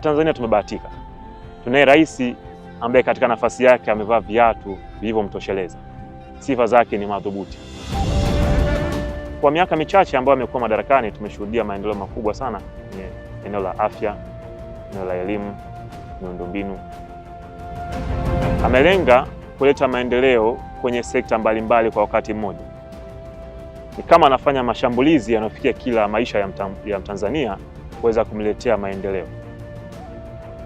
Tanzania tumebahatika, tunaye rais ambaye katika nafasi yake amevaa viatu vilivyomtosheleza, sifa zake ni madhubuti. Kwa miaka michache ambayo amekuwa madarakani, tumeshuhudia maendeleo makubwa sana kwenye eneo la afya, eneo la elimu, miundombinu. Amelenga kuleta maendeleo kwenye sekta mbalimbali mbali kwa wakati mmoja. Ni kama anafanya mashambulizi yanayofikia kila maisha ya, mta, ya Mtanzania kuweza kumletea maendeleo.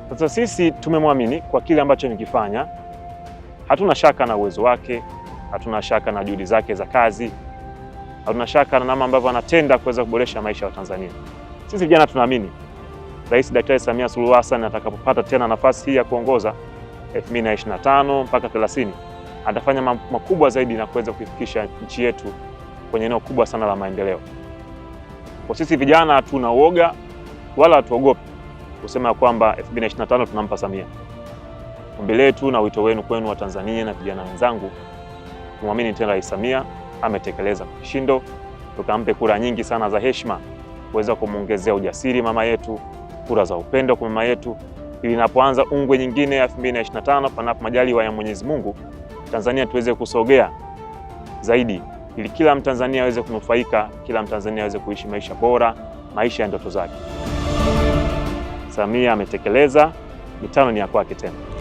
Sasa sisi tumemwamini kwa kile ambacho amekifanya, hatuna shaka na uwezo wake, hatuna shaka na juhudi zake za kazi, hatuna shaka na namna ambavyo anatenda kuweza kuboresha maisha ya Watanzania. Sisi vijana tunaamini Rais Daktari Samia Suluhu Hassan atakapopata tena nafasi hii ya kuongoza 2025 mpaka 30 atafanya makubwa zaidi na kuweza kuifikisha nchi yetu kwenye eneo kubwa sana la maendeleo. Kwa sisi vijana hatuna uoga wala hatuogopi kusema kwamba 2025 tunampa Samia. Ombi letu na wito wenu kwenu wa Tanzania na vijana wenzangu, tumwamini tena Rais Samia, ametekeleza kwa kishindo, tukampe kura nyingi sana za heshima kuweza kumwongezea ujasiri mama yetu, kura za upendo kwa mama yetu, ili inapoanza ungwe nyingine ya 2025, panapo majaliwa ya Mwenyezi Mungu, Tanzania tuweze kusogea zaidi, ili kila Mtanzania aweze kunufaika, kila Mtanzania aweze kuishi maisha bora, maisha ya ndoto zake. Samia ametekeleza, mitano ni ya kwake tena.